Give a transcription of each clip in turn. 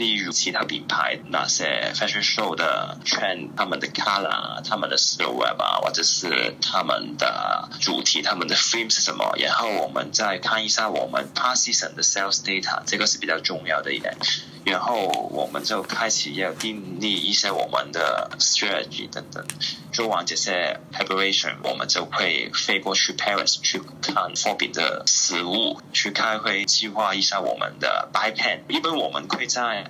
例如其他品牌那些 fashion show 的 trend，他們的 color、他們的 slogan 啊，或者是他們的主題，他們的 theme 是什麼，然後我們再看一下我們 past season 的 sales data，這個是比較重要的一點。然後我們就開始要定立一些我們的 strategy 等等，做完這些 preparation，我們就會飛過去 Paris 去看貨品的實物，去開會計劃一下我們的 buy plan 因為我們會在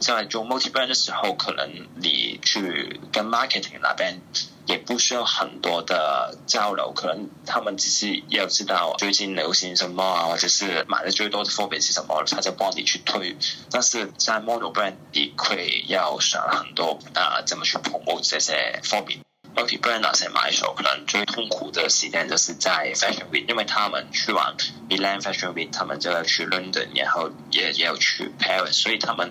在做 multi brand 的時候，可能你去跟 marketing 那邊也不需要很多的交流，可能他們只是要知道最近流行什麼，啊，或者是買的最多的貨品是什麼，他就幫你去推。但是在 mono brand，你佢要想很多，啊，怎麼去 promote 這些貨品？multi brand 那、啊、些買手，可能最痛苦的時間就是在 fashion week，因為他們去完 Milan、e、fashion week，他們就要去 London，然後也也要去 Paris，所以他們，